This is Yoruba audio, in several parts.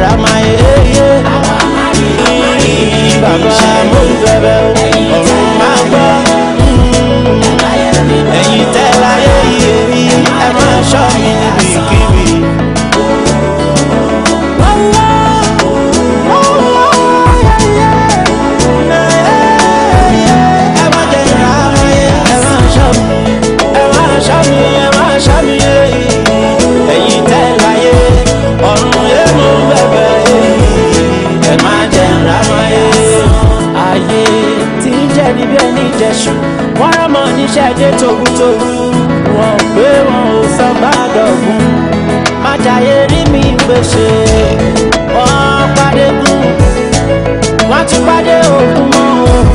ramaye baba mo ń bẹ̀bẹ̀ o. jẹ̀ṣù wọ́n rán mọ́ níṣẹ́ dé tògútògú wọn ò pé wọn ò sọ gbàdọ̀gún májàyé rí mi gbèsè wọ́n pàdé gùn wọ́n tún pàdé òkú mọ́ wọn.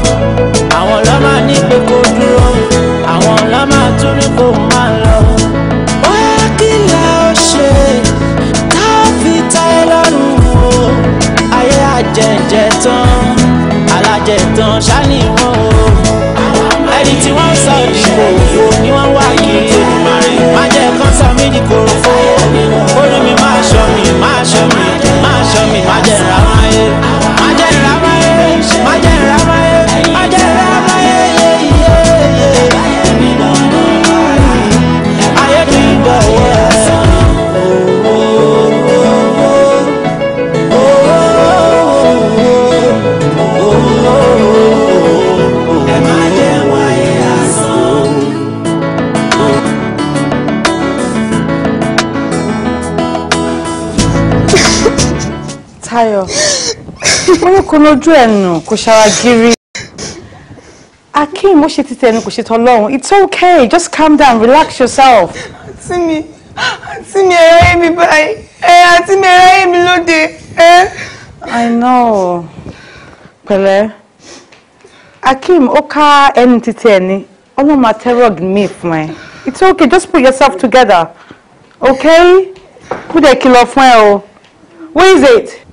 kó lójú ẹnu kò ṣara gírí. Akeem ó ṣe ti tẹnu kò ṣe tọlọ́run it's okay just calm down relax yourself. Àǹtí mi àǹtí mi ẹ̀rọ yé mi báyìí ẹ̀ àǹtí mi ẹ̀rọ yé mi lóde I know pẹ̀lẹ́ Akeem ó ká ẹnu títí ẹni ọlọ́run máa tẹ́rọ̀gì mi fún ẹ it's okay just put yourself together okay? kúdẹ̀ kìlọ̀ fún ẹ o where is it?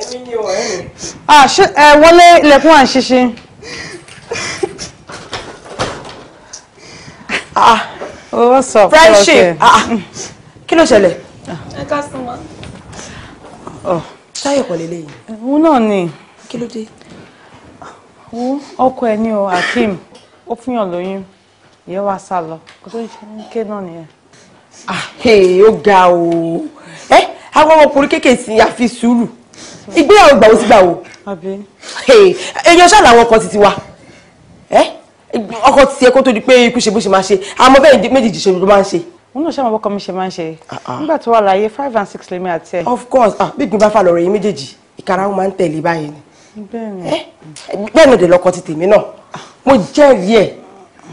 èmi ni ọ̀rẹ́ mi. ẹ wọlé ilẹ̀kùn à ń ah, ah. Oh, what's up? friendship ah, kí ló ṣẹlẹ̀. ẹ ká sún wa. Oh. táyọ̀ kọ̀ lélẹ́yìn. òun náà ni. kí ló dé. ọkọ ẹ ní o Hakeem ó fún yàn lóyún ìyẹn wá sá lọ kó tó ń ké náà nìyẹn. ó ga o ẹ àwọn ọmọkùnrin kéékèèké àfi sùúrù ìgbéyàwó gbàwó sí gbàwó èèyàn ṣáà làwọn ọkọ títí wa ọkọ títí ẹ kó tó di pé ikú ṣe bó ṣe máa ṣe àmọ́ bẹ́ẹ̀ méjèèjì ṣe ló máa ń ṣe. wọn náà ṣàmọ̀ bọ́kọ mi ṣe máa ń ṣe ah, ah. nígbà tó wà láàyè five and six lèmi àti ẹ. of course Ah, bí gbin bá fà lọ́rọ̀ yín méjèèjì ìkara wọn máa ń tẹ̀lé báyìí ni bẹ́ẹ̀ ni òde lọkọ ti tèmi náà mo jẹ́rìí ẹ̀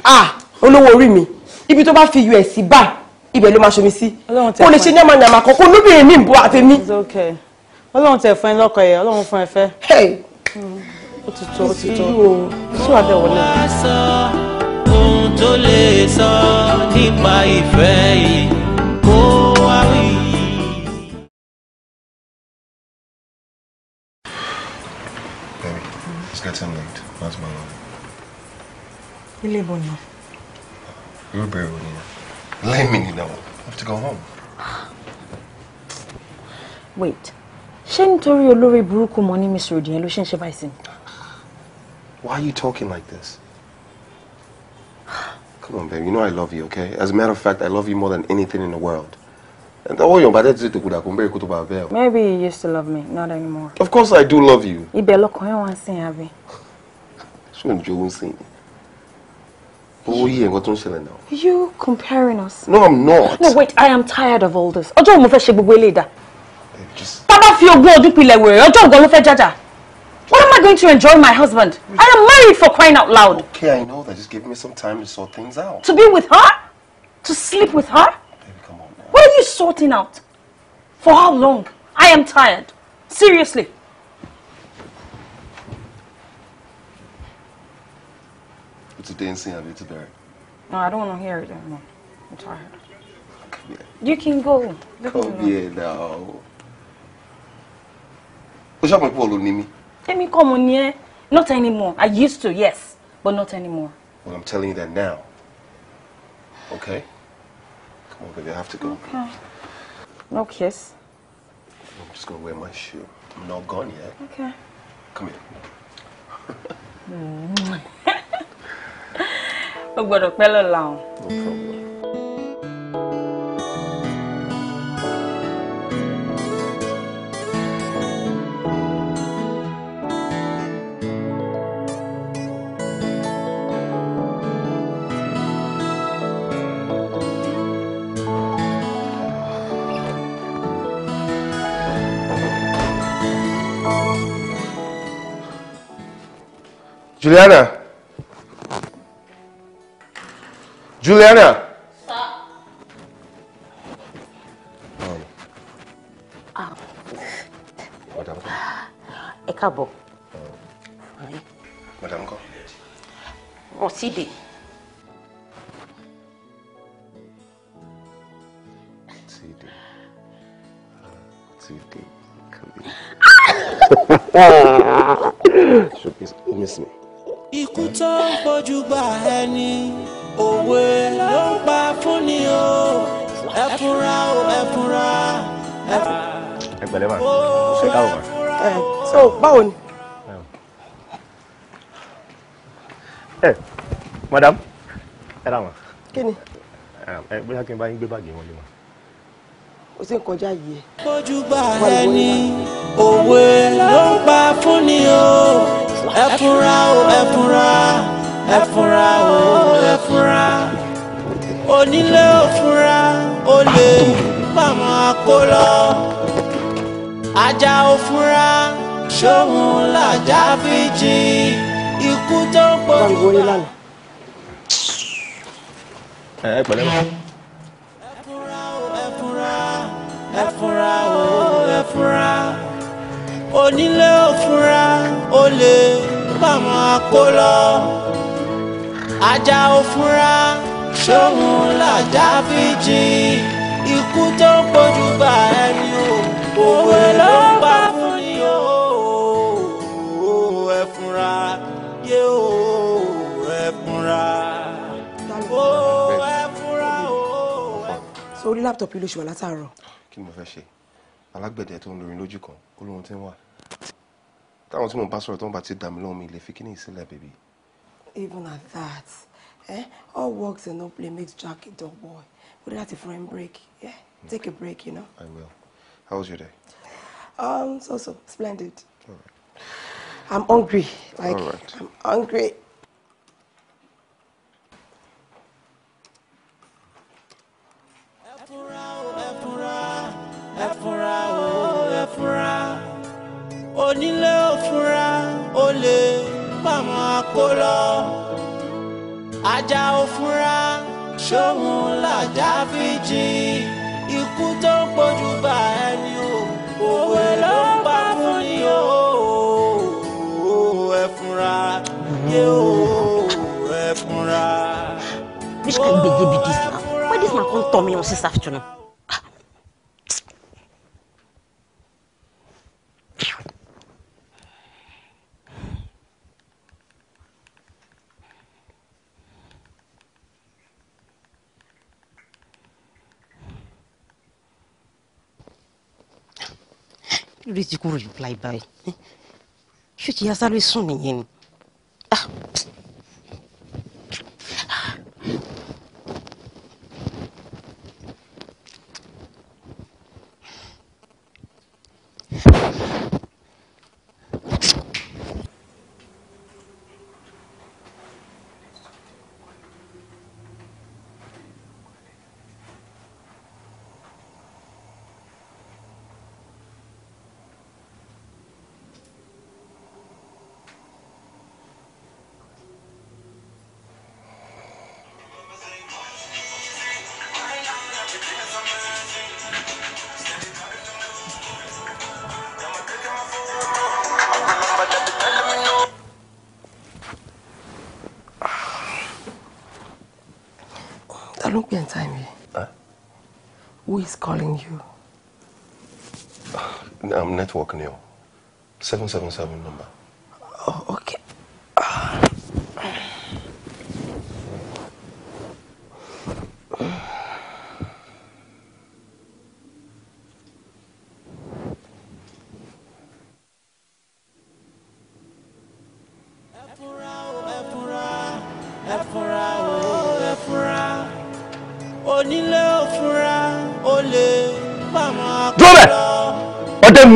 ah, olówó orí mi ibi tó bá fi us bá ibẹ̀ ló máa ṣomi sí kó lè ṣe ní ọmọ ìyàmà kan kó lóbìnrin mi bọ́ àtẹ̀mí ọlọ́run tẹ̀ fún ẹ lọ́kọ̀ ẹ̀ ọlọ́run fún ẹ fẹ́. ó ti tó ó ti tó sí wàá bẹ̀ wọlé. ohun tó lè sọ nípa ìfẹ́ yìí Ilé ìbò ni. Yóò bẹ̀rẹ̀ òní. Lẹ́yìn ni náà, I have to go home. Wait ṣé nítorí olórí burúkú mọ ní Mr. Odiyan ló ṣe ń ṣe báyìí Why are you talking like this? Come on, babe. You know I love you, okay? As a matter of fact, I love you more than anything in the world. And all your bad to kuda kumbe kuto ba bell. Maybe you used to love me, not anymore. Of course I do love you. Ibe lo koyo wan sin abi. So enjoy sin. Oh yeah, nǹkan tó ń ṣẹlẹ̀ now. You comparing us? No, I'm not. No, wait. I am tired of all this. Ọjọ́ mo fẹ́ ṣe gbogbo eléyìí dà. Bàbá fi ogún ọdún pilẹ̀ wèrè ọjọ́ ògbọ́n ló fẹ́ jájà. What am I going to enjoy my husband? I am married for crying out loud. Okay, I know that. Just give me some time to sort things out. To be with her? To sleep with her? Baby, come on now. What are you sorting out? For how long? I am tired. Seriously. What's the dancing of you today? No, I don't want to hear it anymore. I'm tired. Come here. You can go. come here now o ṣàmọ̀ pé ọ̀lọ́ ni mí. èmi kọ́ mo ni ẹ not anymore I used to yes but not anymore. Well, I'm telling you that now. Okay? Come on, baby, I have to go. Okay. No kiss. I'm just gonna wear my shoe. I'm not gone yet. Okay. Come here. O gbọ́dọ̀ pẹ́ lọ́la o. No problem. Juliana. Juliana. Sir. Um. Ah. Madam. Ẹ káàbọ̀. Madam ko. Wọ́n sì dé. Sì dé. Come in. Showcase, miss me ikú tó ń pọ̀jù gba ẹni òwe ló ń pa fún ni o ẹ fura o ẹ fura. ẹgbẹ̀lẹ́ màá ṣe káwọ̀ màá. ẹ so báwo ni. ẹ madam ẹ ra wọn. kí ni. ẹ bóyá kí n bá yín gbé báàgì wọn lé wọn o sì ń kọjá yìí ẹ. bójúgbà ẹni òwe ló ń pa fún ni o ẹ fura o ẹ fura ẹ fura o ẹ fura onílé ò fura olè màmá kó lọ ajá ò fura ṣóhun làjá fi ikú tó gbójú. ẹ pẹ̀lẹ́ mọ. ẹ fura o ẹ fura onílé ò olè bàmọ́ kó ajá ò fura làjà fi jì ikú tó ń gba ẹni o òwe ló ń pa fún ni o ẹ yé o ẹ fura o ẹ fura o. sórí kí ni mo fẹ́ ṣe alágbẹ̀dẹ tó ń lorin lójú kan ó lóhun ń wà táwọn tí mo bá sọ̀rọ̀ tó ń bá ti dà mí lóhun mi lè fi kíní ìsílẹ̀ bèbí. even at that eh? all work and no play makes Jack a dull boy we need to fún him break yeah? take a break you know. I will how was your day. Um, so so splendid. All right. I'm hungry like right. I'm hungry. for me this afternoon. lórí ti kúrò yóò fly by ṣé ti yá sáré sùn nìyẹn ni. Ah, Look behind me. Huh? Who is calling you? Ah, I'm networking you. 777 number.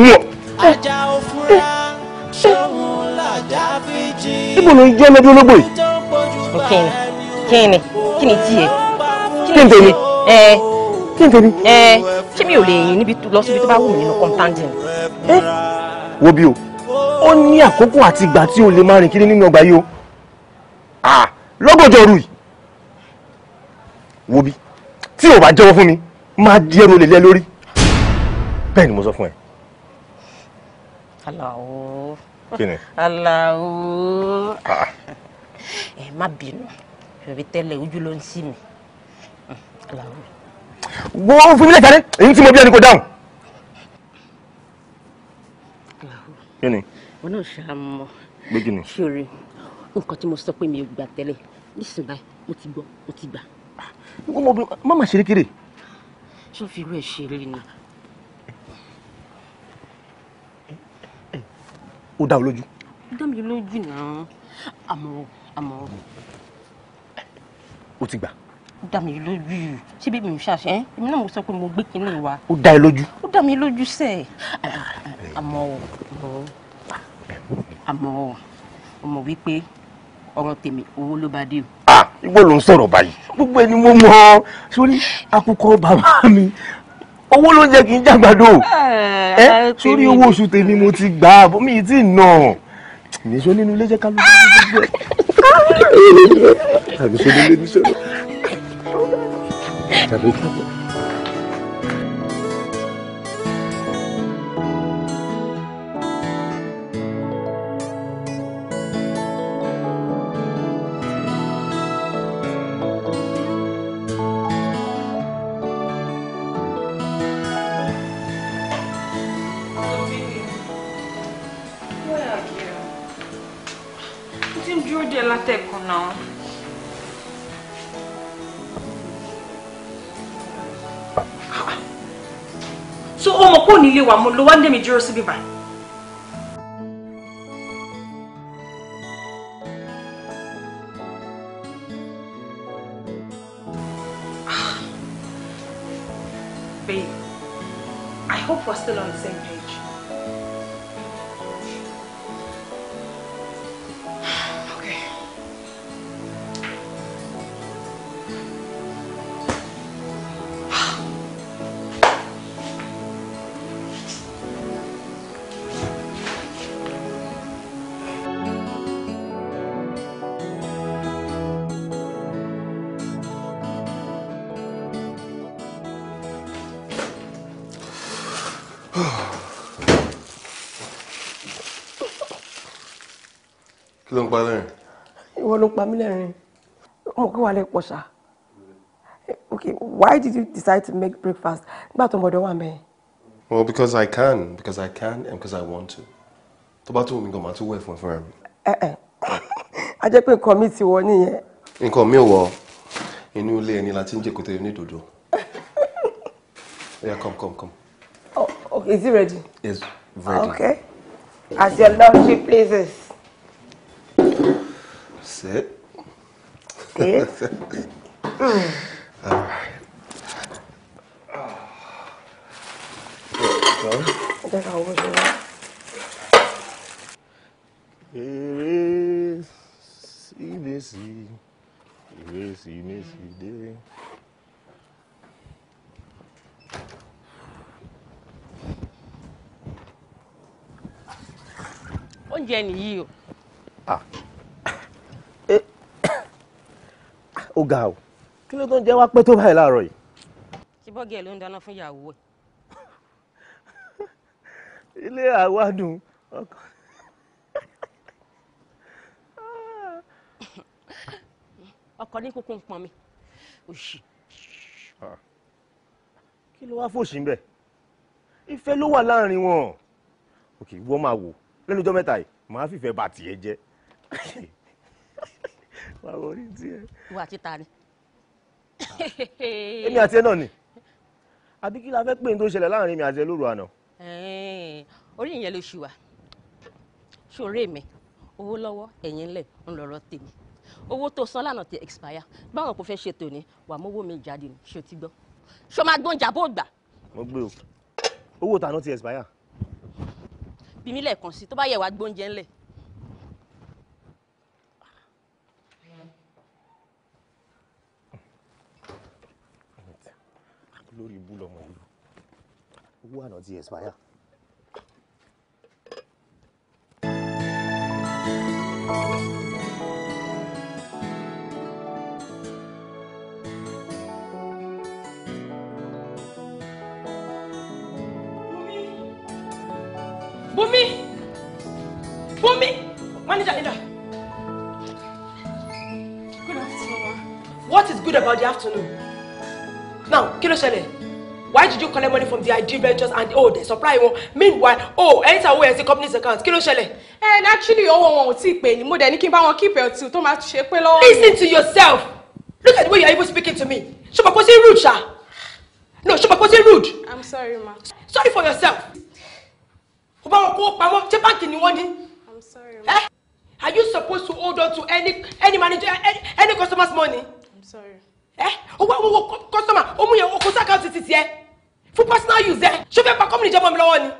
mọ̀. ajá ò fura ṣòun làjà fi jí. níbo ló ń jẹ́ ọlọ́dún ológbò yìí. kí ni kí ni tiẹ̀ kí ni tèmi kí ni tèmi. ṣé mi ò lè yìn níbi lọ síbi tó bá wù mí nínú kọ́ńtántì ni. wo bí o ó ní àkókò àti ìgbà tí o lè máa rìn kiri nínú ọgbà yìí o lọ́gọ̀jọ́ ru yìí wo bí tí o bá jẹ́wọ́ fún mi máa di ẹrù olè lẹ́ lórí bẹ́ẹ̀ ni mo sọ fún ẹ. Alao. kí ni. Alao. ẹ ah, ah. eh, má bínú ìrẹ̀bí tẹ́lẹ̀ ojú ló ń sí mi. Alao. wọ́n fún mi lẹ́tàrí èyí tí mo bí ẹni kò dáhùn. Alao. kí ni. wọn náà ṣàmọ. gbé kí ni. sori nǹkan tí mo sọ pé mi ò gbà tẹ́lẹ̀ nísìnyí báyìí mo ti gbọ́ mo ti gbà. ọmọbìnrin má má ṣeré kéré. sọ fi irú ẹ̀ ṣeré ni. ó dá o lójú. ó dá mi lójú náà àmọ́ àmọ́. ó ti gbà. ó dá mi lójú ṣé bí mi ò ṣàṣẹ ẹ èmi náà mo sọ pé mo gbé kinní wa. ó dá ẹ lójú. ó dá mi lójú sẹ àmọ́ àmọ́ ọmọ wípé ọ̀rọ̀ tèmi owó ló bá dé o. ah ìwọ ló ń sọ̀rọ̀ báyìí gbogbo ẹni mo mọ̀ sórí akókò bàbá mi owó ló ń jẹ́ kí n jàgbàdo eh, eh, ẹ sórí owó oṣù tèmi mo ti gbà á bómi tí ì nà níṣó nínú ilé jẹ́ ká ló bá gbogbo ẹ̀ kó nílé wa mo lọ wá ń dé mi dúró síbí báyìí. Ah. Babe, I hope we're still on the same page. kí ló ń pa lẹ́rìn. ìwọ ló ń pa mí lẹ́rìn mo kí wàá lè pọ̀ ṣá okay why did you decide to make breakfast nígbà tó mọ̀dọ̀ wà mẹ́yìn. well because i can because i can and because i want to tó bá tó omi gan máa tó wẹ̀ fún ẹ fúnra mi. ẹ ẹ a jẹ́ pé nǹkan mi ti wọ nìyẹn. nǹkan mi ò wọ inú ilé ẹni la ti ń jẹ́kọ̀tẹ́ ní dòdò. yeah come come come. oh okay is he ready. yes ready. okay as your lordship pleases. That's it. Good. mm. All right. I think I'll wash it up. Eré sí mèsì, eré sí mèsì dear. Oúnjẹ nìyí o. Ah. ó ga o kí ló tó ń jẹ́ wá pẹ́ tó báyìí láàárọ̀ yìí. tí bọ́gì ẹ̀ ló ń dáná fún ìyàwó ẹ̀. ilé àwádùn ọkọ. ọkọ ní kúkú ń pọn mi òṣì. Ah. kí ló wá fòṣì ń bẹ̀ ìfẹ́ ló wà láàrin wọn òkè ìwọ máa wò lẹ́nu ọjọ́ mẹ́ta yìí màá fìfẹ́ bá tiẹ̀ jẹ́. wà wọrí tiẹ̀. wà á ti ta ni. èmi àti ẹ náà ni àbí kí la fẹ́ pè ní tó ṣẹlẹ̀ láàrin mi àti ẹ lóru àná. orí ìyẹn ló ṣì wà ṣòro mi owó lọ́wọ́ ẹ̀yìn ńlẹ̀ ńlọrọ̀ tèmi owó tó san lánàá ti expire báwọn kò fẹ́ ṣe tòní wà mọ́wọ́ mi jáde ni ṣé o ti gbọ́ ṣé o máa gbóúnjà bó gbà. mo gbé o owó tàná ti expire. bí mi lẹ́ẹ̀kan sí tó bá yẹ wá gbóúnjẹ ńlẹ̀ olórí ibú lọmọ ìlú owó àná ti expire. Bùnmi Bùnmi manager leader good afternoon what is good about the afternoon now Kilo ló why did you collect money from the ID ventures and oh the supply wọn meanwhile oh enter owó yẹn the company's account Kilo ló ṣẹlẹ̀. and actually owó wọn ò tí ì pè ní mo dẹ̀ ní kí n bá wọn keep until tó máa ṣe pé lọ́wọ́. listen to yourself look at the way you are even speaking to me ṣùgbọ́n kò sí rude ṣá no ṣùgbọ́n kò sí rude. i'm sorry ma. sorry for yourself. kò bá wọn kó pamọ́ ṣé báńkì ni wọ́n ní. i'm sorry ma. Eh? are you supposed to hold on to any any manager any, any customer's money. i'm sorry ẹ eh? owó àwọn kọ́sọ́mà ó mú yẹn o kò sí àkáǹtì títí ẹ fún personal use ẹ ṣé o fẹ́ pa company jẹ́ mọ́ mi ni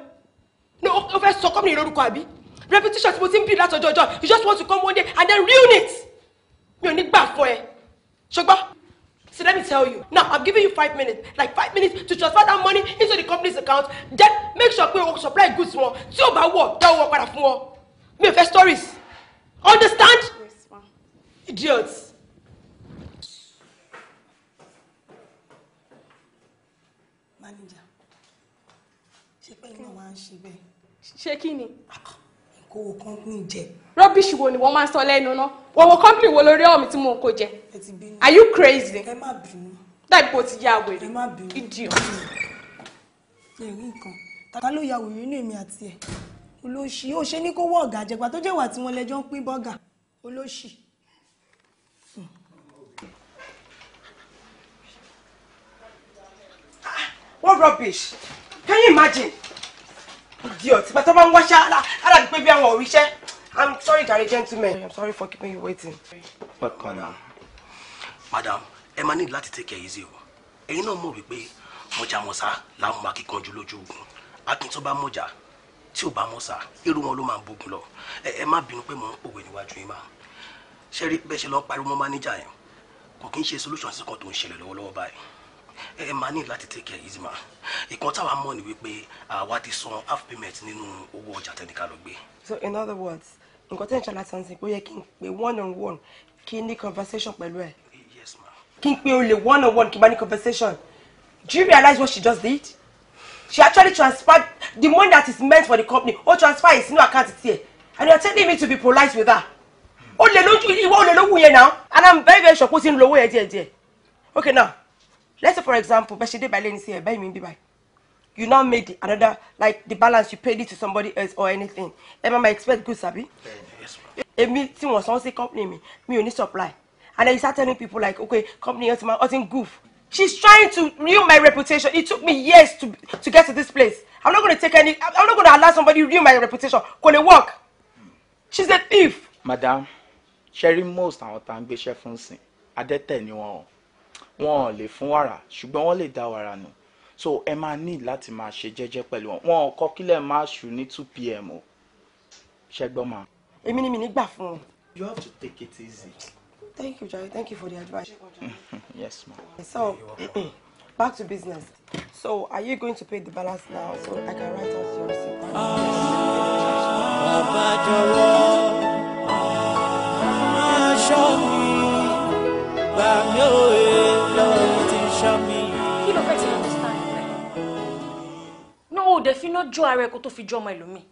no o fẹ́ sọ company lórúkọ àbí repetition tí mo ti ń bì látọjọ́ ọjọ́ you just want to come one day and then ruin it mi ò ní gbà fún ẹ ṣùgbọ́n So let me tell you. Now I'm giving you five minutes, like five minutes to transfer that money into the company's account. Then make sure pé o supply goods wọn. Tí o bá wọ̀, dá owó padà fún ọ. Mi ò fẹ́ stories. Understand? Yes, Idiots. ń ṣe bẹ́ẹ̀. ṣé kí ni. Ah, kò kọ́ńpìn jẹ. rọ́bìṣì wo ni wọ́n máa ń sọ lẹ́nu náà wọ́n kọ́ńpìn wo lórí ọ̀mí tí mo kò jẹ. ẹ ti bínú. are you crazy. ẹ má bínú. dáì bó ti yá wèrè. ẹ má bínú. idiot. ẹ rí nǹkan tàbá ló ya wèrè inú èmi àti ẹ olóṣì ó ṣe ní kó wọ ọ̀gá àjẹgbà tó jẹ́ wà tí wọ́n lẹ́jọ́ ń pín bọ́gà olóṣì. Hmm. Ah, what rubbish? Can you imagine? idiot bàtọ́ bá ń wáṣẹ́ aládìí pé bí àwọn òrìṣẹ́ i'm sorry jare gentleman i'm sorry for keeping you waiting. welcome now. madam ẹ máa ní láti take care easy o ẹ̀yin náà mọ̀ wípé mọ̀jà mọ̀sá làwọn akíkanjú lójú ogun akin tó bá mọ̀jà tí ò bá mọ̀sá irú wọn ló máa ń bógun lọ ẹ má bínú pé mò ń pòwe níwájú yín máa ṣe rí bẹ́ẹ̀ ṣe lọ́ọ́ pariwo mọ́ máníjà yẹn kò kí ń ṣe solution sí kan tó ń ṣẹlẹ̀ lọ́wọ́lọ́wọ́ báyìí ẹ máa ní láti take care easy ma ìkan táwa mọ̀ ni wípé àwa ti san half payment nínú owó ọjà tẹnika lọ gbé. so in other words nǹkan tẹ́ ń ṣàlàyé santi pé ó yẹ kí n pe one on one kí n ní conversation pẹ̀lú ẹ̀. yes ma. kí n pe olè one on one kí n bá ní conversation do you realize what she just did she actually transferred the money that is meant for the company ó transfer it sínú àkáǹtì tiẹ̀ and you are telling me to be polite with her ó lè lójú ìwọ ó lè lówó yẹn náà and i'm very very sure pé ó ti ń lo owó yẹn díẹ̀díẹ̀ okay now let's say for example bẹ́ẹ̀ ṣe dé báyìí lẹ́ni sí ẹ̀ bẹ́ẹ̀ mi ń bíbáyìí you now made the, another like the balance you paid it to somebody else or anything ẹ máa ma expect good sabi èmi tí wọ́n san sí company mi mi ò ní supply and then you start telling people like okay company ọtí ma ọtí goof she's trying to ruin my reputation it took me years to to get to this place i'm not gonna take any i'm not gonna allow somebody ruin my reputation kò lè work she's a thief. madam sherry most àwọn tá à ń gbéṣẹ́ fún sìn adẹ́tẹ̀ ni wọ́n wọn ò lè fún wàrà ṣùgbọ́n wọ́n lè dá wàrà nù so ẹ máa ní láti máa ṣe jẹ́jẹ́ pẹ̀lú wọn wọn ò kọ́ kílẹ̀ máa ṣù ní two pm o ṣẹgbọ́n ma. èmi ni mi ní gbà fún un. you have to take it easy. thank you jare thank you for the advice. yes ma. so back to business so are you going to pay the balance now so i can write out your receipt. bàbá òye. tọ́jú ara ẹ kó tó fi jọ ọmọ ẹlòmíì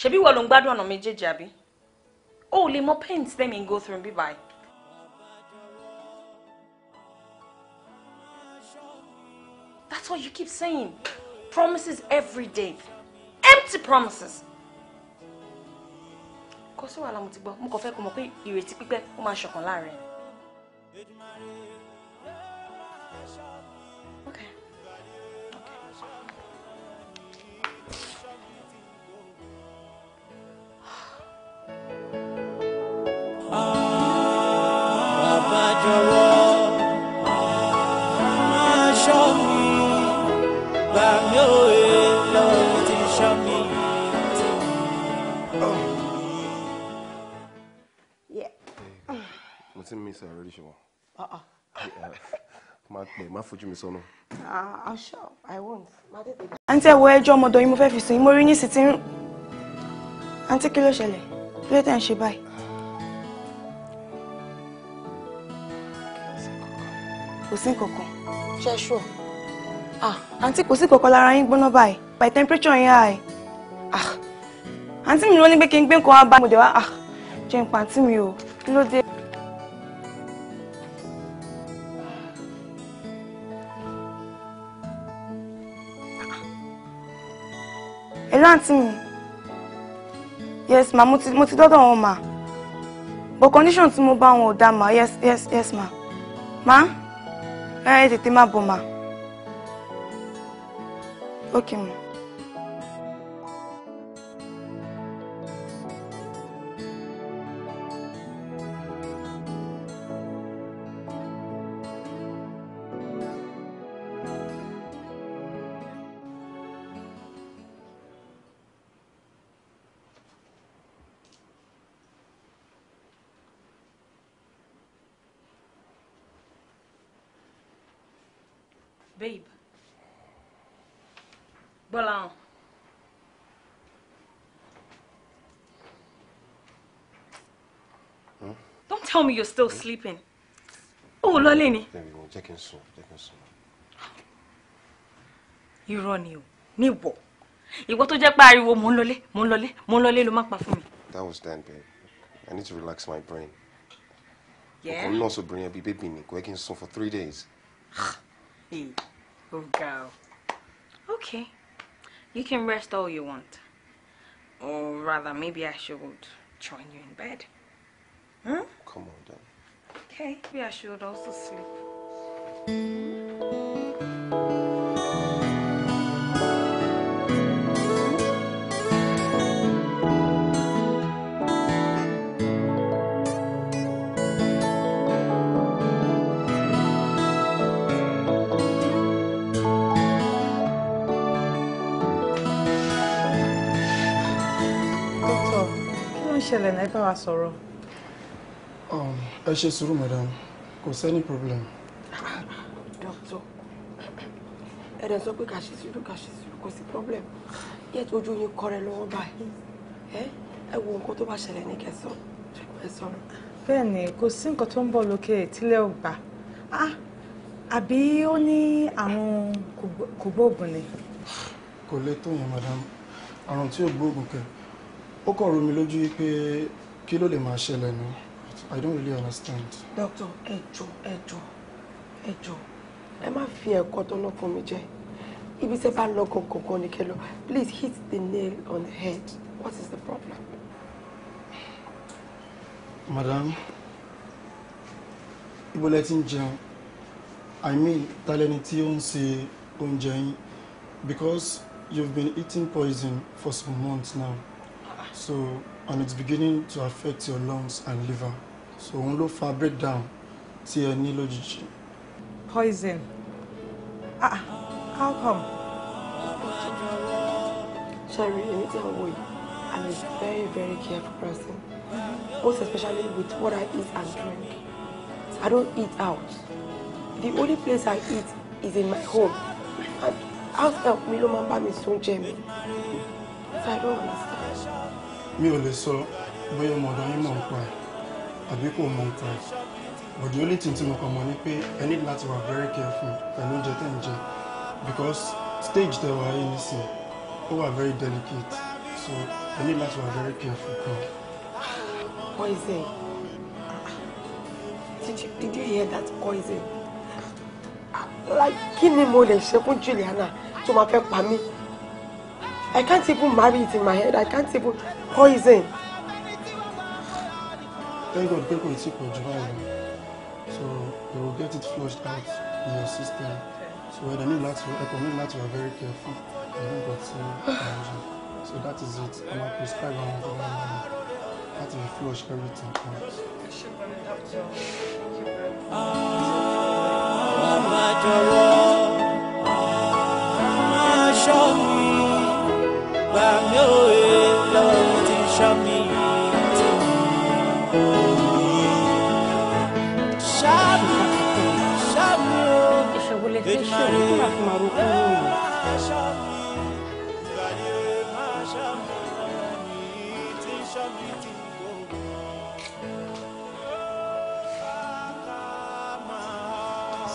ṣebí wọ́n ló ń gbádùn ọ̀nà méjèèjì àbí o lè mọ pain tẹ́mi ń go through bí báyìí. That's what you keep saying. Promises every day. Empty promises. Kò wàhálà mo ti gbọ́, mo kàn fẹ́ kó mọ̀ pé ìrètí pípẹ́ ó máa ṣọ̀kan láàrin. ṣe already ṣe wọn. máa pè má fojú mi sọnù. aṣọ ah, ah, i won't. àǹtí ẹ̀ wọ ẹjọ́ ọmọdé yín mo fẹ́ fi sùn yín mo rí yín sì ti ń. àǹtí kí ló ṣẹlẹ̀ kí ló tẹ̀ ń ṣe báyìí. kò sí kankan. ṣe ṣù ọ. ah àǹtí kò sí kankan lára yín gbóná báyìí by temperature yín high. ah àǹtí mi ló ní pé kí n gbé nǹkan wá bá mo dé wá ah jẹun pàǹtí mi o kí ló dé. pẹ̀lú àǹtí mi yes ma mo ti mo ti dọ́dọ̀ wọn ma but condition tí mo bá wọn ò dá ma yes yes yes ma ma ẹ tètè má bọ̀ ma ok ma. Adébọ́lá hàn. Don't tell me you're still hmm? sleeping. Oh, lọ́lé ni. Jẹ́ go check in soon. Check in soon. You run, you. ní ìwọ. Ìwọ tó jẹ́ pé ariwo mò ń lọlé, mò ń lọlé, mò ń lọlé ló má pa fún mi. That was then, babe. I need to relax my brain. Yeah. I'm not so ẹbí bébì baby, kò yẹ kí n for three days. Hey, ah, eh, ga go. Okay. You can rest all you want. Or rather, maybe I should join you in bed. Hmm? Come on, then. Okay, maybe I should also sleep. ṣẹlẹ̀ náà ẹ bá wa sọ̀rọ̀. Um, ẹ ṣe sùúrù madam kò sẹ́ni problem. dọ́kítọ̀ ẹ dẹ̀ sọ pé kà ṣe sùúrù kà ṣe sùúrù kò sí problem yẹ tí ojú yín kọrẹ lọ́wọ́ báyìí ẹ wo nǹkan tó bá ṣẹlẹ̀ ní kẹsàn-án ẹ sọ̀rọ̀. bẹ́ẹ̀ ni kò sí nǹkan tó ń bọ̀ lókè tílẹ̀ ò gbà ah, àbí ó ní àrùn kògbóògùn ni. kò lè tó yẹn madam àrùn tí ò gbóògùn kẹ́ẹ̀ ó kàn rú mi lójú pé kí ló lè máa ṣẹlẹ̀ ni i don't really understand. doctor ẹ jọ̀ọ́ ẹ jọ̀ọ́ ẹ jọ̀ọ́ ẹ má fi ẹ̀kọ́ tó lọ́kàn mi jẹ ibi tẹ́ bá lọ gangan ni kẹ́ lọ please hit the nail on the head what is the problem. madam ibo lẹ ti ń jẹun i mean talẹni tí ó ń ṣe oúnjẹ yín because you've been eating poison for some months now so and it's beginning to affect your lungs and liver so òun ló fa breakdown tí ẹ ní lójijì. poison ah how come. sorry èmi tí mo wò yìí i'm a very very careful person most especially with what i eat and drink i don't eat out the only place i eat is in my home and house help me no man ń me mi sún so i don't understand mi ò lè sọ bóyá ọmọ ọ̀dọ̀ yín mọ̀ ń pa ẹ̀ àbí kò mọ̀ ń pa ẹ̀ but the only thing tí mo kàn mọ̀ ni pé ẹ ní láti wà very careful pẹ̀lú oúnjẹ tẹ̀ ń jẹ because stage tẹ wà yín nísìn ó wà very delicate so I need láti wà very careful kan. poison did you, did you hear that poison like kí ni mo lè ṣe fún Juliana tó máa fẹ́ pa mí I can't even marry it in my head I can't even poison. Thank God pé kò tí pọ̀ jù báyìí so you will get it flushed out in your system so I need ẹ̀dọ̀ ní láti need ní láti wà very careful pẹ̀lú don't got ẹ̀ ń so that is it I'm going to prescribe àwọn of ọmọ mi Have to flush everything out. Ṣé bẹ́ẹ̀ ni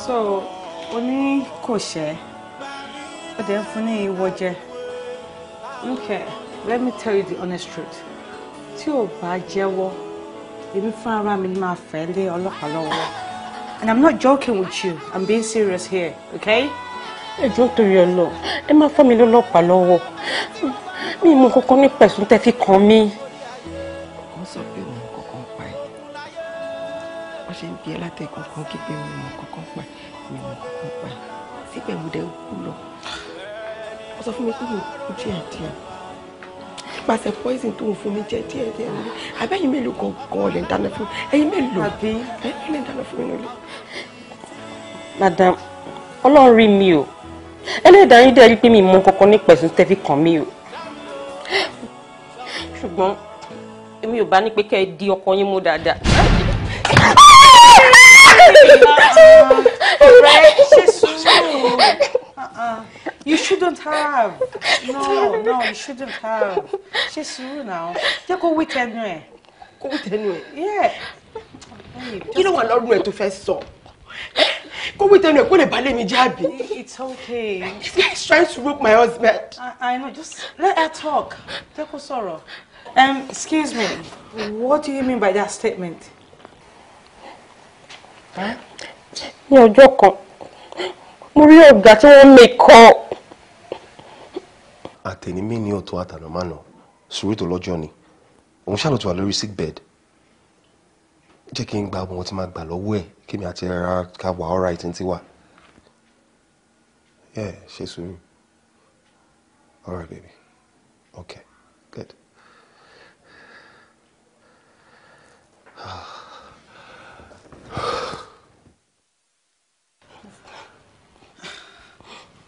so oní kò ṣẹ́ ó dẹ̀ ń fún ní ìwọ jẹ okay let me tell you the honest truth tí ò bá jẹ́wọ́ èmi fúnra mi ni máa fẹ́ lé ọlọ́pàá lọ́wọ́ and i'm not joking with you i'm being serious here okay. ẹ jọ̀ọ́ torí Ọlọ́run ẹ má fọ́ mi lọ́lọ́pàá lọ́wọ́ mi ì mọ kankan nípa ẹ̀sùn tẹ́ fi kàn mí. wọ́n ṣe ń bí ẹ kí pé mi mọ̀ kankan pa mi mọ̀ kankan pa síbẹ̀ mo dẹ̀ kú lọ wọ́n sọ fún mi pé mo kú díẹ̀ díẹ̀ nípasẹ̀ poison tó ń fún mi jẹ díẹ̀ díẹ̀ nílé abẹ́yìn mélòó gangan lè ń dáná fún mi ẹ̀yin mélòó ẹ̀yin lè dáná fún mi nílé. madam ọlọ́run rí mi o ẹlẹ́dàá yín dẹ́rí pé mi mọ̀ kankan nípa ẹ̀sùn tẹ́ fi kàn mí o ṣùgbọ́n èmi ò bá ní pé kẹ́ ẹ di ọkọ yín mú dáadáa ọ̀rẹ́ Uh sùúrù. You shouldn't have. No, no, you shouldn't have. She's sùúrù now. Jẹ́ go with tẹnu Go with wí Yeah. ẹ̀. Kí ló wà lọ́rùn ẹ̀ tó fẹ́ sọ? Kó wí tẹnu ẹ̀ kó lè balẹ̀ It's okay. This trying to rope my husband. I, I know, just let her talk. Jẹ́ kó sọ̀rọ̀. Um, excuse me, what do you mean by that statement? ní ọjọ́ kan mo rí ọ̀gá tí wọ́n mè kọ́. àtẹnimí ni ọ̀tọ̀ àtànàmánà sùúrù tó lọ́jọ́ ni òun ṣàlọ́ tó wà lórí sick bed jẹ́ kí n gba ọmọ tí máa gbà lọ́wọ́ ẹ̀ kí mi àti ẹ̀ra ká wà ọ́ra ìtí ti wà. ẹ ṣe sùúrù all right baby okay good. Ah.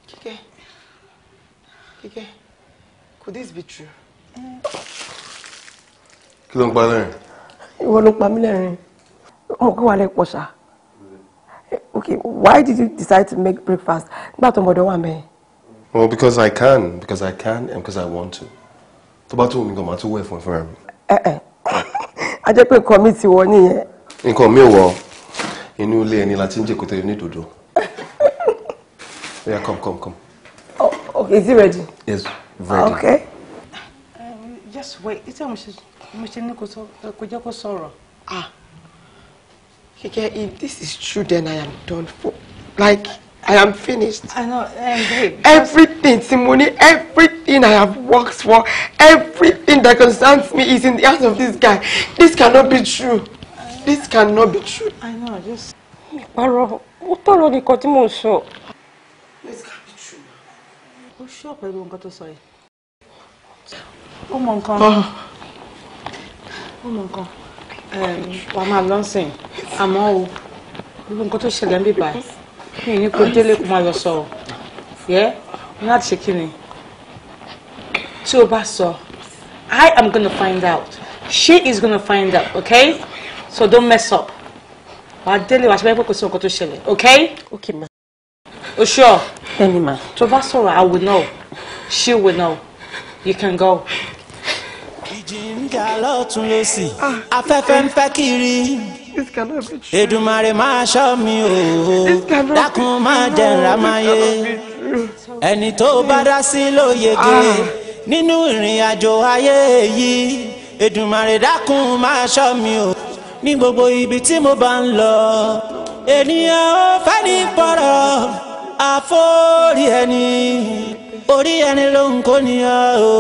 Kíkẹ́, Kíkẹ́, could this be true? Kí ló ń pa lẹ́rìn? Ìwọ ló pa mí lẹ́rìn. Ọmọ kí wà lẹ́ pọ̀ ṣá. Okay, why did you decide to make breakfast? Nígbà tó mọ̀dọ̀ wà mẹ́rin. Well, because I can, because I can, and because I want to. Tó bá tó omi gan, màá tún wẹ̀ fún ẹ fúnra mi. Ẹ eh, ẹ, eh. a jẹ́ pé nǹkan mi ti wọ nìyẹn. Nǹkan mi ò wọ̀ inú ilé ẹni láti ń jẹ kòtẹ́lẹ̀ ní ìdòdó yeah come come come. Oh, okay is he ready. yes ready. okay. Um, just wait ìtẹ́ mo ṣe ní kò jẹ́ kó sọ̀rọ̀. ah Keke if this is true then I am done for like I am finished. I know um, babe. everything Simone everything I have worked for everything that concerns me is in the hands of this guy this cannot be true. This cannot be true. I know, just. Ìparọ́, ó tọ̀rọ̀ nìkan tí mò ń This can't be true. Ó ṣọ́ pẹ̀lú nǹkan tó sọ yìí. Ó mọ nǹkan. Ah. Ó mọ nǹkan. Wà á máa lọ sìn. Àmọ́ o, gbogbo nǹkan tó ṣẹlẹ̀ ń bì báyìí. Mi ò ní kó délé kó máa lọ sọ o. Yẹ́ ní láti ṣe I am gonna find out. She is gonna find out, okay? so don't mess up wà á délé wà á ṣe báyìí pé kò sí nǹkan tó ṣẹlẹ̀ okay. okay ma. o sure. bẹ́ẹ̀ni ma. tó bá sọ̀rọ̀ i will know she will know you can go. ìjì ń jà lọ́tún lọ́sì afẹ́fẹ́ ń fẹ́ kiri Èdùmàrè máa ṣọ́ mi o dákun máa jẹ̀ra máa yé ẹni tó bá dá sí ló yege ah. nínú ìrìn àjò ayé yìí Èdùmàrè dákun máa ṣọ́ mi o ní gbogbo ibi tí mo bá ń lọ ènìyàn ò fẹ́ ní pọ̀rọ̀ àforí ẹni orí ẹni ló ń kó nìyàn o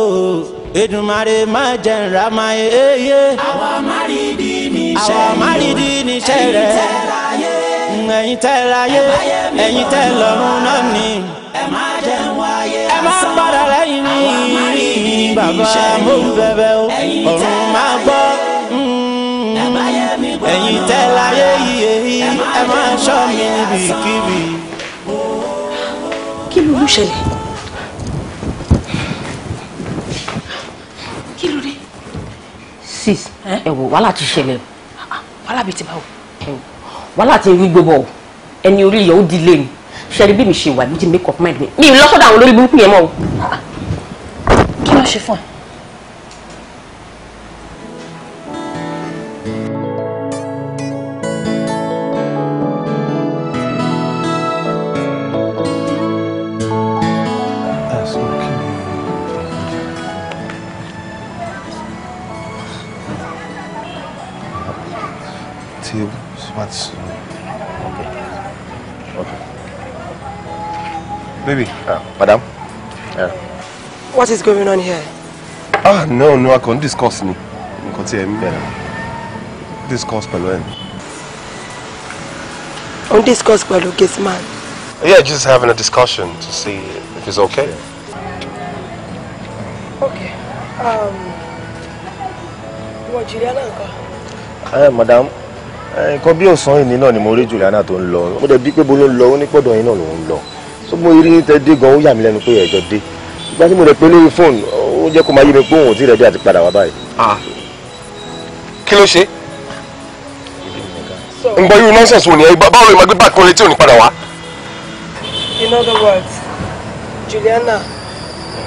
Èdùmàrè má jẹ́ nra má yeye. E, àwa má rí di níṣẹ́ rẹ̀ àwa di níṣẹ́ rẹ̀ ẹ̀yin tẹ́ láyé mm, ẹ̀yin tẹ́ láyé ẹ̀yin tẹ́ lọ́run náà ni ẹ má jẹ́ wáyé asán ẹ má padà lẹ́yìn ní bàbá mo bẹ̀bẹ̀ o ọ̀run. tẹ́láyé yìí ẹ máa ṣọ́ mi níbikíbi. kí ló ló ṣẹlẹ̀ kí ló dé. sis ẹ wò wàhálà ti ṣẹlẹ̀. Ah, ah, wàhálà bíi ti báwo. wàhálà ti rí gbogbo ọ ẹni orí ìyàwó di lé mi ṣe bí mi ṣe wà mi ti make up mind mi mi lọ́sọ̀dọ̀ àwọn olórí burúkú yẹn mọ́ o. Ah, kí ló ṣe fún ẹ. Baby, uh, madam. Yeah. What is going on here? Ah, no, no, I can't discuss Me, I can't ẹ me. Discuss pẹ̀lú ẹ̀. On discuss pẹ̀lú gate man. Yeah, just having a discussion to see if it's okay. Okay. Um, What Juliana nǹkan? Eh, madam, eh, nǹkan bí ọ̀sán yìí náà ni mo rí Juliana tó ń lọ. Mo dẹ̀ bí pé bó ló ń to ó ní pọ̀dọ̀ yín náà so mo rí tẹ dé gan ó yà mí lẹ́nu pé ẹjọ dé ìgbà tí mo rẹ pé lórí fóònù ó jẹ́ kó máa yé mi pé òun ò tí ì rẹ́dí àti padà wá báyìí. kí ló ṣe ń gbọ́ irú nọ́ọ̀sẹ̀sì òní ẹ báwo ìmọ̀ gbé bá kan létí òní padà wá. in other words Juliana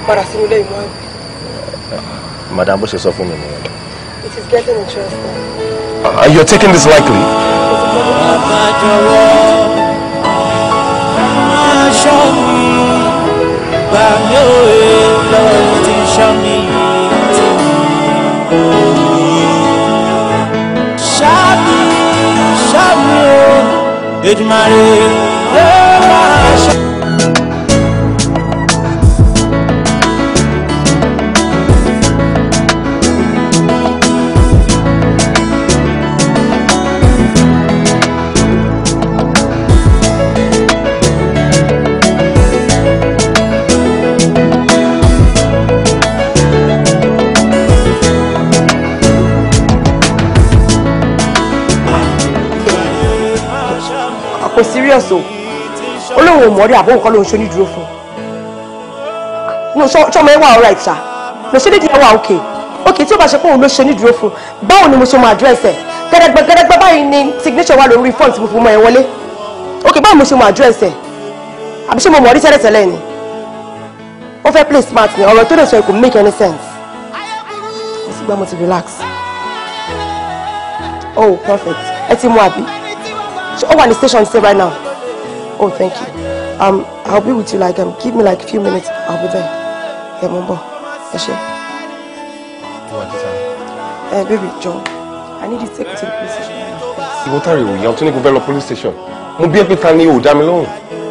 padà sínú ilé ìmọ̀ ẹ̀bí. madam bó ṣe sọ fún mi nìyẹn. it is getting interesting. Uh, you are taking this likely ṣọ́ mi gbà mí òye lọ́wọ́ ẹni tí ń ṣọ́ mi tí mo yí. ṣáà serious o olóhùn òmòrí àbóhùn kọ́ lóhùn ṣóní dúró fún un ṣọmọ ẹ wà alright ṣá mo ṣe nídìí ẹ wà okay okay tí ó bá ṣe pé òun ló ṣe ní dúró fún un báwo ni mo ṣe máa address ẹ gẹdẹgbẹ gẹdẹgbẹ báyìí ni signature wà lórí fọ́ọ̀n tí mo fi mọ ẹ wọlé okay báwo ni mo ṣe máa address ẹ àbí ṣé mo mọ̀ rí tẹ́lẹ̀tẹ́lẹ̀ ni ó fẹ́ play smart ni ọ̀rọ̀ tó lè sọ ẹ kò make any sense mo sì relax oh perfect ẹ ti mú àbí ó wà the station say right now oh thank you um, I'll be with you like um, give me like a few minutes I'll be there Yeah, ẹ mọ̀ What is ṣe. ẹ baby John I need you to take me to the police station. You ìwọ You òòyà ọtún to go to the police station mo bí ẹ pé ta ni ò dá mi lóhùn.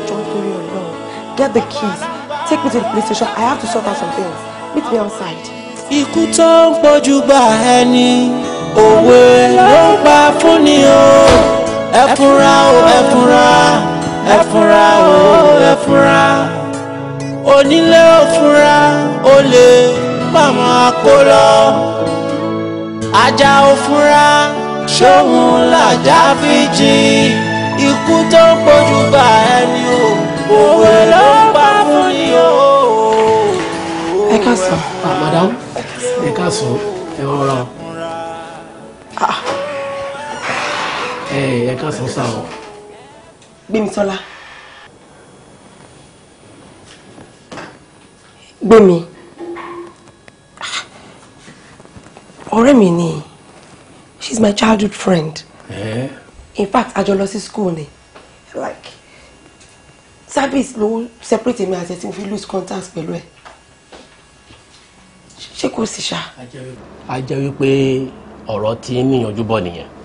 John torí get the keys take me to the police station I have to sort out some things meet me outside. ikú tó ń pọ̀jù bá ẹni òwe ló ń pa fún ni o ẹ o ẹ fúnra o ẹ fúnra onílé ò fúnra olè màmá kó lọ ajá ò fúnra ṣóhun làjá fi jìn ikú tó ń bá ẹni o òwe ló ń fún ni o. ẹ ká sọ ah, madam ẹ ká sọ ẹ rọra ẹ ká sọ sá o. Gbémisọ́lá Gbémi ọ̀rẹ́ mi ni she's my childhood friend eh? in fact a jọ lọ sí school ni like service ló separate mi àti ẹ tí mo fi lose contact pẹ̀lú ẹ ṣé kò sí ṣá. a jẹ́ wípé ọ̀rọ̀ tí ń níyànjú bọ̀ nìyẹn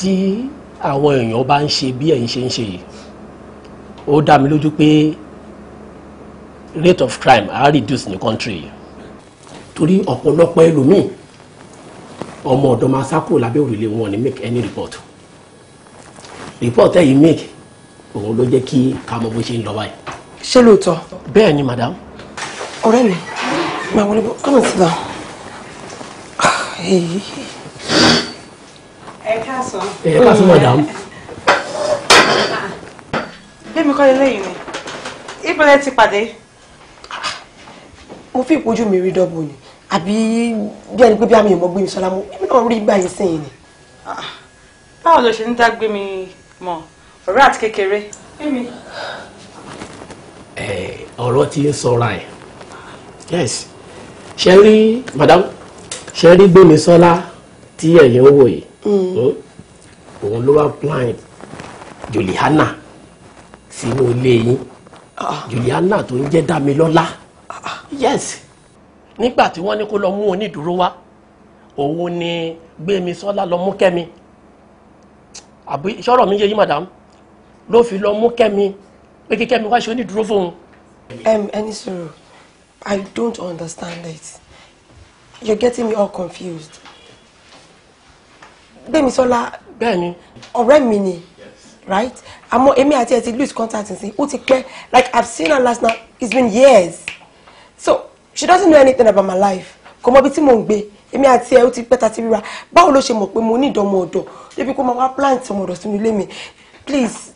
tí àwọn èèyàn bá ń ṣe bí ẹ̀yin ṣe ń ṣe yìí ó dá mi lójú pé rate of crime á in the country yìí torí ọ̀pọ̀lọpọ̀ ẹlòmíì ọmọ ọ̀dọ́ máa sá kúrò lábẹ́ òrùlé wọn ní make any report report ẹ̀yin make òun ló jẹ́ kí ká mọ bó ṣe ń lọ báyìí. ṣé lóòótọ́. bẹ́ẹ̀ ni madam. ọ̀rẹ́ mi màá wọlé bọ́ come and sit ẹ ká sọ madam. bẹ́ẹ̀mi kọ́ lélẹ́yìn ni ìbílẹ̀ ti pàdé. mo fi ìpojú mi rí dọ́bù ni àbí bí ẹni pé bí àmì ìmọ̀ gbé mi sọ́lá mú èmi náà rí gbà yín sẹ́yìn ni. Ah, báwo ló ṣe ń dá gbé mi mọ ọ̀rẹ́ àti kékeré. ọ̀rọ̀ ti ń sọra ẹ̀ yes ṣe rí madam ṣe rí Gbémisọ́lá tí ẹ̀yin ń wò yìí mm. hmm? òun ló wá blind Juliana sínú ilé yín ah. Juliana tó ń jẹ́ Dámilọ́lá ah. yes nígbà tí wọ́n ní kó lọ mú onídùúró wá òun ni gbẹ̀mí sọ́lá lọ mú kẹ́mi àbí sọ̀rọ̀ mi yé yín madam ló fi lọ mú kẹ́mi pé kí kẹ́mi wá ṣe onídùúró fóun. ẹni sọ̀rọ̀ I don't understand it you're getting me all confused gbẹ̀mí sọ́lá bẹ́ẹ̀ni. ọ̀rẹ́ mi ni right àmọ́ èmi àti ẹ ti lose contact sí ó ti pẹ́ like i've seen her last night it's been years so she doesn't know anything about my life kò mọ ibi tí mò ń gbé èmi àti ẹ ó ti pẹ́ ta ti báwo ló ṣe mọ̀ pé mo ní ìdánmọ̀ ọ̀dọ̀ débi kó máa wá plant ọmọ ọ̀dọ̀ sínú ilé mi please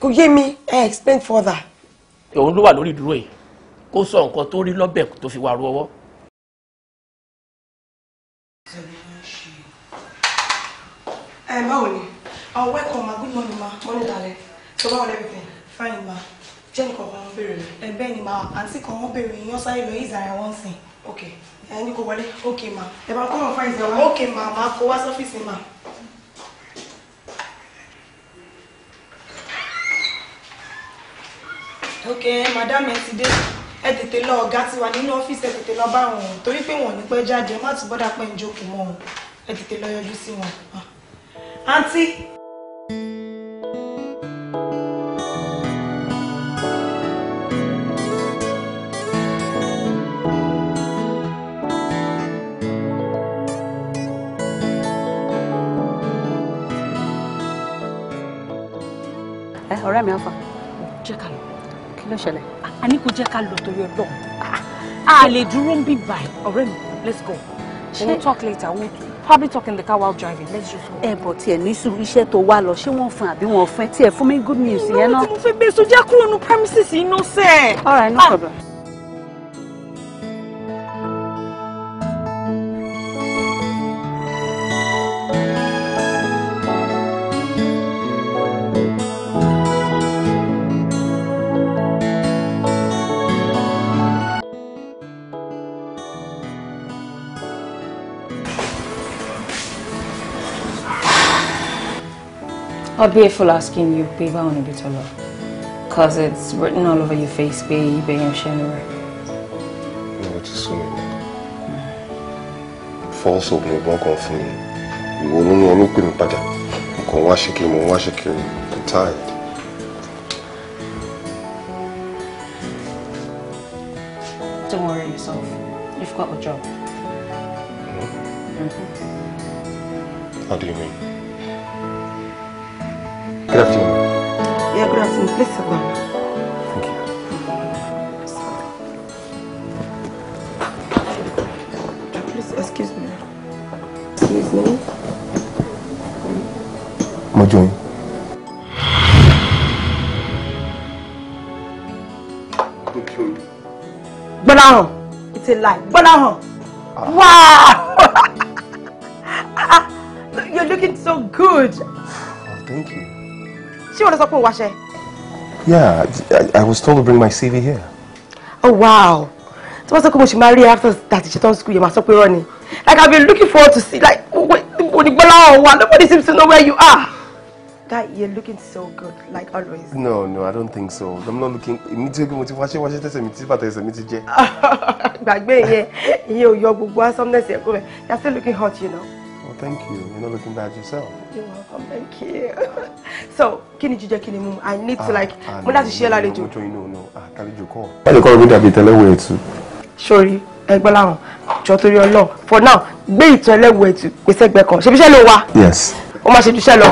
kò yé mi explain further. òun ló wà lórí ìdúró yìí kó sọ nǹkan tó rí lọ́bẹ̀ tó fi wà rú ọwọ́. Ẹ báwo ni? Àwọn oh, welcome ma good morning ma morning darling. So báwo everything? Fine ma. Jenny, come kan wọ́n béèrè. Ẹ bẹ́ẹ̀ ni ma àǹtí kan wọ́n béèrè yín ọ́sáré is yìí ìzàrẹ̀ wọ́n Okay. And you ní kò Okay, ma. Ẹ bá kọ́ ọ̀fà ìzẹ̀ wá. Ok ma ma kó wá office, ma. Okay, madam ẹ ti dé ẹ tètè lọ ọ̀gá ti wà nínú ọ́fíìsì ẹ tètè lọ bá wọn torí pé wọn ò ní pẹ́ jáde ẹ má tún bọ́dà pẹ́ ń jókòó mọ́ wọn ẹ tètè lọ yọjú sí wọn. Ah àǹtí. ọ̀rẹ́ mi afa jẹ́ ká lọ kí ló ṣẹlẹ̀. a ní kó jẹ́ ká lọ torí ọlọ́run a lè dúró ń bí báyìí ọ̀rẹ́ mi let's go We'll talk later we will probably talk in the car while driving. Let's just go. Ẹ bọ̀ tiẹ̀ ní sùúrù iṣẹ́ tó wá lọ, ṣé wọ́n fún àbí wọ́n fẹ́ tiẹ̀ fún mi good news yẹn náà. Ìnáwó tí mo fẹ́ gbé sojá kúrò ní premises yìí náà sẹ́ẹ̀. All right, no problem. I'd be a fool asking you, babe, I want to be taller. Because it's written all over your face, babe, and you're showing No, what is so False hope ló bọ́n kan fún mi. Ìwọ ló ní olópin mi padà. Mo kàn wá ṣe kiri, mo wá ṣe kiri, I'm tired. Don't worry yourself. You've got a job. Mm -hmm. Mm-hmm. How do you mean? Please sit down. Thank you. Please excuse me. Excuse me. Mo join. Gbọ́láhàn, it's a lie. Gbọ́láhàn, wow! You're looking so good. Oh, thank you. She wants to sọ wash it. Eh? Yeah, I, I was told to bring my CV here. Oh, wow. Tí wọ́n sọ pé mo ṣì after that ṣe tán school you must stop running. Like I've been looking forward to see, like, nobody seems to know where you are. That you're looking so good, like always. No, no, I don't think so. I'm not looking. Èmi tí mo ti wáṣẹ́ wáṣẹ́ tẹ̀sẹ̀ mi tí bàtà ẹsẹ̀ mi ti jẹ́. Gbàgbé yẹn, ìyẹn ò yọ gbogbo awesomeness yẹn kúrẹ̀. You're still looking hot, you know thank you. You're not looking bad yourself. You're welcome. Thank you. so, Kini ni Kini Mum, I need to ah, like, ah, mo láti ṣe lálejò. Mo tún inú no, àtàlejò ah, kọ́. Báyọ̀ kọ́ mi dàbí tẹ́lẹ̀wọ̀ ẹ̀tù. Sori, ẹgbẹ́ làwọn, jọ torí ọlọ́. For now, gbé ìtàn ẹlẹ́wọ̀ ẹ̀tù pèsè ẹgbẹ́ kan. Ṣebí iṣẹ́ ló wà? Yes. O máa ṣe ju iṣẹ́ lọ.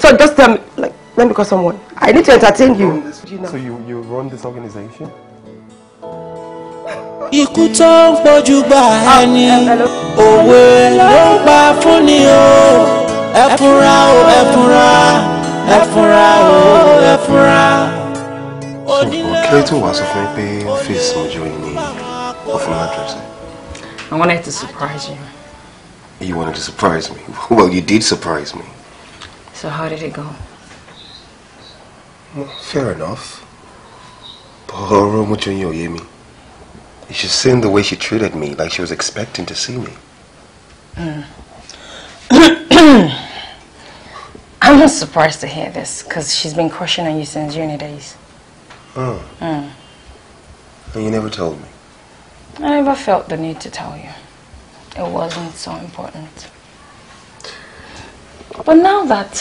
So just tell me, like, let me call someone. I need to entertain you. So you, you run this organization? ikú tó ń pọ̀jù gba ẹni òwe ló ń pa fún ni o ẹ fura o ẹ fura ẹ fura o ẹ fura. Clayton was offering pay fees for of an address. I wanted to surprise you. You wanted to surprise me? Well, you did surprise me. So how did it go? Well, fair enough. But Oromo Junior Yemi. You should the way she treated me, like she was expecting to see me. Mm. I'm not surprised to hear this, because she's been crushing on you since uni days. Oh. Mm. And you never told me? I never felt the need to tell you. It wasn't so important. But now that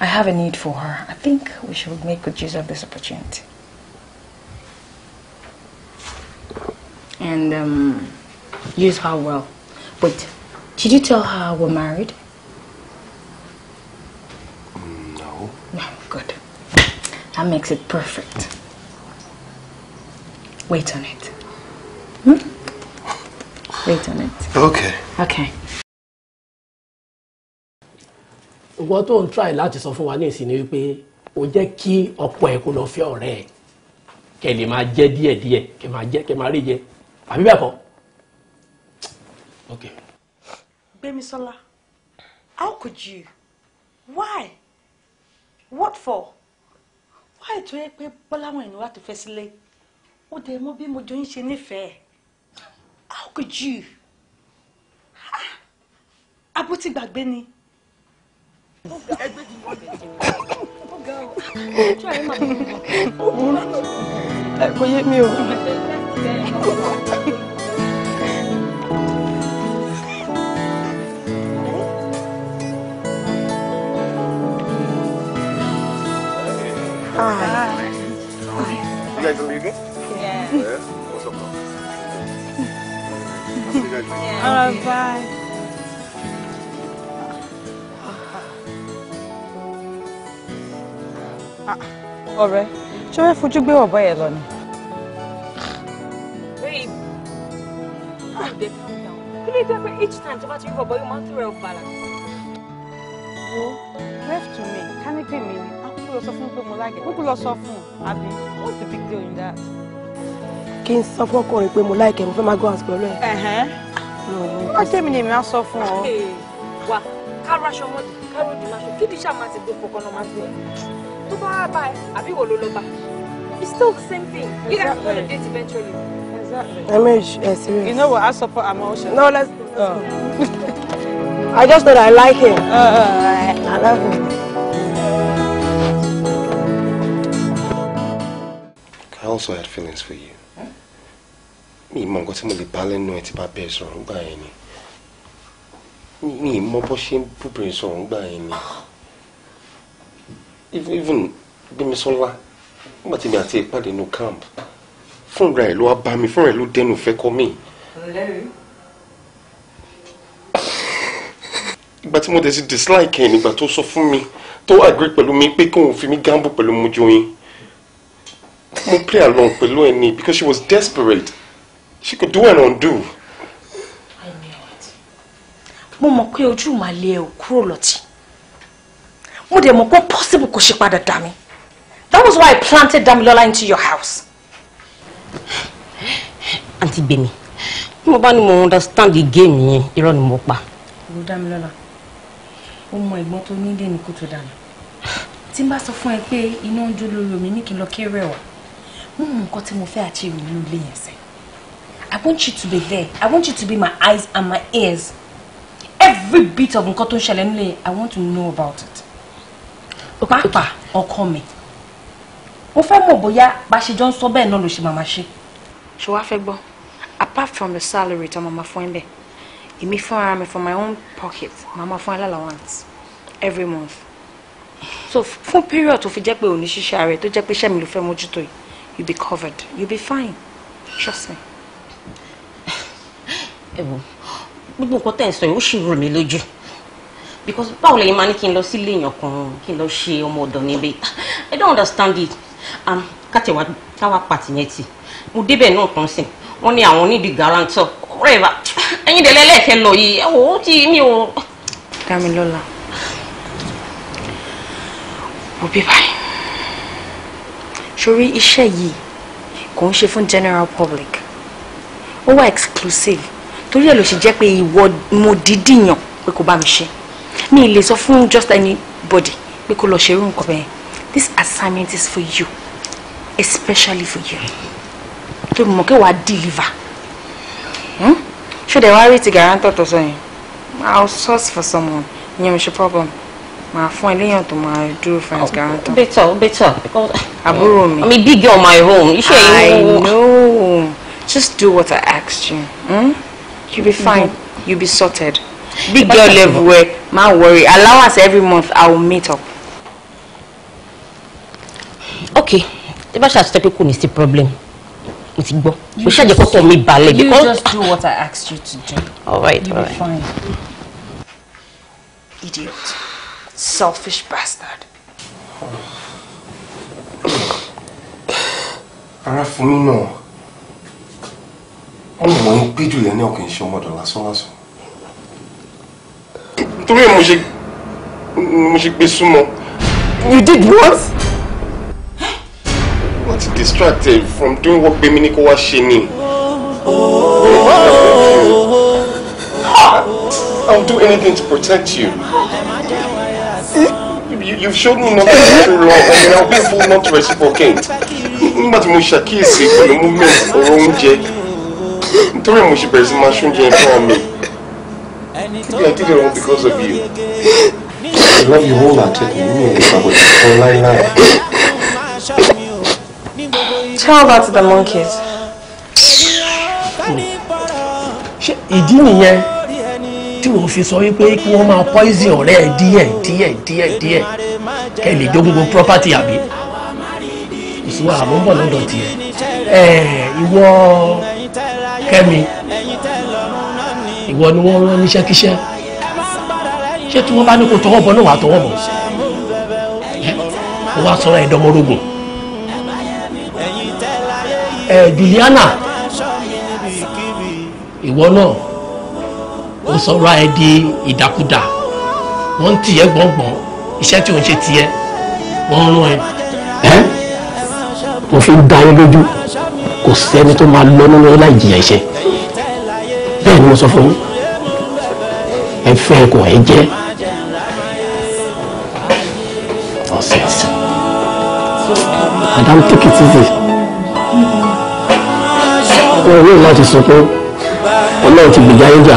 I have a need for her, I think we should make good use of this opportunity. and um, use her well. But did you tell her we're married? No. No, good. That makes it perfect. Wait on it. Hmm? Wait on it. Okay. Okay. Nǹkan tó ń try láti sọ fún wa ní ìsìn ni wípé o jẹ́ kí ọ̀pọ̀ ẹ̀ kó lọ fẹ́ ọ̀rẹ́ ẹ̀ kẹ́ lè máa jẹ́ díẹ̀díẹ̀ kẹ́ máa jẹ́ kẹ́ máa rí jẹ́ àbí bẹ́ẹ̀ kọ́ ok. Gbemisola how could you why what for why tó yẹ pé bọ́láwọn ìnáwó àti fẹ́ sílé ó dẹ̀ mọ̀ bí mojú ń ṣe nífẹ̀ẹ́ how could you ah, abó ti gbàgbé ni. ẹgbẹ́ ti wọ́n bẹ̀rẹ̀ ó ga ọ́ ó jọ ẹ̀ máa ń bọ̀. kò yé mi o. You guys Yeah. bye. ọ̀rẹ́ ṣé wọ́n fojú gbé ọ̀bọ yẹn lọ ni. kí ló dé pé each time tó bá ti rí bọ̀bọ̀ yóò máa ń throw off balance. wo left to me kánìpì mi ni a kúkú lọ sọ fún mi pé mo lágẹ̀ kúkú lọ sọ fún Abi. what's the big deal in that. kí n sọ fún ọkùnrin pé mo láìkẹ́ mo fẹ́ máa go out pẹ̀lú ẹ̀. wọ́n tẹ̀mí ni èmi á sọ fún ọ. wà ká raṣọ mọ́ ká ròdì máṣọ kí ni sàmà ti gbé fọkànnà máa gbé tó bá bá àbí wò ló lọ bá it's still the same thing you guys are gonna date eventually. Exactly. I mean, yeah, seriously. You know what? I support emotion. No, let's. Uh. I just know that I like him. Uh, uh, uh, I love him. I also had feelings for you. Me, mom got some of the bá lẹ́nu ẹ̀ tí bá bẹ́ẹ̀ sọ̀rọ̀ ńgbà yẹn ni. Mi mọ bó ṣe ń even, sọ̀rọ̀ ńgbà yẹn ni. Even Gbémisọ́lá, nígbà tí mi àti ìpàdé inú camp fúnra ẹ̀ ló wá bá mi fúnra ẹ̀ ló dẹnu fẹ́ kọ́ mi. ìgbà tí mo dẹ̀ ti dislike ẹ̀ nígbà tó sọ fún mi tó agree pẹ̀lú mi pé kóun fi mi gamble pẹ̀lú Mojoyin mo play along pẹ̀lú ẹ̀ ni because she was desperate she could do and undo. mo mọ̀ pé ojú màá lé ẹ̀ kúrò lọ́tì mo dẹ̀ mọ̀ pé possible kò ṣe padà dá mi that was why I planted Damilola into your house àǹtí gbèmí bí mo bá ní mo understand the game yẹn irọ́ ni mo pa. olùdámilọ́lá ó mọ ẹ̀gbọ́n tó nílé ní kó tó dànù tí n bá sọ fún ẹ pé iná ń jó lórí omi ní kí n lọ kéré ọ mú mú nǹkan tí mo fẹ́ achieve nínú ilé yẹn sẹ́ I want you to be there I want you to be my eyes and my ears every bit of nǹkan tó ń ṣẹlẹ̀ nílé I want to know about it. pàápàá ọkọ mi mo fẹ́ mọ̀ bóyá bá ṣe jọ ń sọ bẹ́ẹ̀ náà ló ṣe màmá ṣe. ṣé wàá fẹ́ gbọ́ apart from the salary tó màmá fún ẹ bẹ́ẹ̀ èmi fúnra mi from my own pocket màmá fún ẹ every month so fún period tó fi jẹ́ pé òní ṣiṣẹ́ ààrẹ tó jẹ́ pé iṣẹ́ ló fẹ́ mójútó yìí you be covered you be fine trust me. ẹ wo gbogbo nǹkan tẹ̀ ń sọ yìí ó sì rò mí lójú because báwo lẹ̀yin máa ní kí n lọ sílé èèyàn kan kí n lọ ṣe ọmọ ọ̀dọ̀ níbí i don't understand it kátẹ̀wá táwa pàtì yẹn tì mo débẹ̀ náà tán sìn wọ́n ní àwọn onídìí garanto rẹ́ẹ̀bà ẹ̀yin dẹ̀lẹ́ lẹ́ẹ̀kẹ́ lọ yìí ẹ̀ wò ó ti mi ò. Dámilọ́lá òbí báyìí sórí iṣẹ́ yìí kò ń ṣe fún general public ó wà exclusive torí ẹ̀ ló ṣe jẹ́ pé ìwọ mo dídì yàn pé kò bá mi ṣe mi lè sọ fún just anybody pé kò lọ ṣerú nǹkan bẹ́ẹ̀ this assignment is for you especially for you To mọ̀ kí wàá deliver hmm? ṣé Should wá worry? To guarantee? tó sọ i'll source for someone ìyẹn mi ṣe problem My fún ẹ to my true friends fún ẹ better better because àbúrò mi i'm a big girl my own iṣẹ́ yìí i know just do what i asked you hmm? You'll be fine mm -hmm. you be sorted big girl level well eh? ma worry us every month i will meet up. okay tí bá ṣàtúntẹ́ pé kò ní sí problem mo ti gbọ́ mo ṣàjẹ́ kọ́kọ́ mi balẹ̀ because. you just do what I asked you to do. all right all right. idiot selfish bastard. ara fún mi náà wọn mọ ohun péjú yẹn ní ọkàn iṣẹ́ ọmọdé lásán lásán nítorí ẹ mo ṣe mo ṣe gbé súnmọ́. you did what wọ́n ti distract ẹ from doing work gbé mi ní ah! I'll do anything to protect you. You, you've shown me nothing for too long and I'll be a fool not to reciprocate. Nígbà tí mo ṣàkíyèsí pẹ̀lú movement ọ̀rọ̀ oúnjẹ, nítorí mo ṣe bẹ̀rẹ̀ sí máa ṣoúnjẹ fún mi. Maybe I did it all because of you. I love you all wholeheartedly, me and Papa, for life. Tell that to the monkeys. Ṣé ìdí nìyẹn tí wọ́n fi sọ wípé kí wọ́n máa poison ọ̀rẹ́ ẹ díẹ̀ díẹ̀ díẹ̀ díẹ̀ kẹ́ lè jogún gbogbo property àbí? Ìṣúwà àmọ́ ń bọ̀ lọ́dọ̀ tiẹ̀. Ẹ ìwọ Kẹ́mi ìwọ ni wọ́n rán níṣẹ́kíṣẹ́ ṣé tí wọ́n bá ní kó tọwọ́ bọ̀ náà wàá tọwọ́ bọ̀ wọ́n wá sọ̀rọ̀ ẹ̀dọ́mọ́rógùn ẹ Juliana ìwọ náà ó sọ̀rọ̀ ẹ di ìdàkudà wọ́n ń tìyẹ́ gbọ̀ngbọ̀n iṣẹ́ tí ò ń ṣe tìyẹ́ wọ́n ń rán ẹ. mo fi ń dá yín lójú kò sẹ́ni tó máa lọ nínú láì jìyà iṣẹ́ bẹ́ẹ̀ ni mo sọ fún yín ẹ fẹ́ kò ẹ jẹ́ ọ̀sẹ̀ ọ̀sẹ̀ madam take it easy wọn yóò láti sunkún ọlọ́run ti gbèjà yín jà.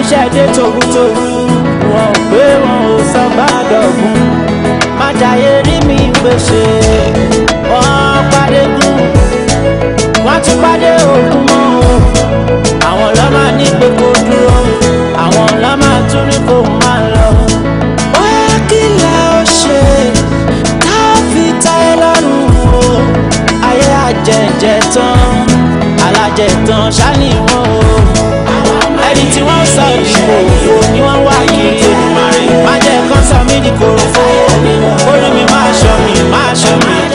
níṣẹ́ dé tòrútòrú wọn ò gbé wọn ò sọ bá dọ̀gún májàyé rí mi gbèsè wọn pàdé gùn wọn tún pàdé òkun mọ́ o àwọn lọ́mà ní pé kó dúró àwọn lọ́mà tún ní kó máa lọ. wáá tán alájẹ tán ṣáà ní ìwọ òfò ni wọ́n wá yìí Èdùmàrè má jẹ́ kán sọ mí di kòròfò orí mi má sọ mi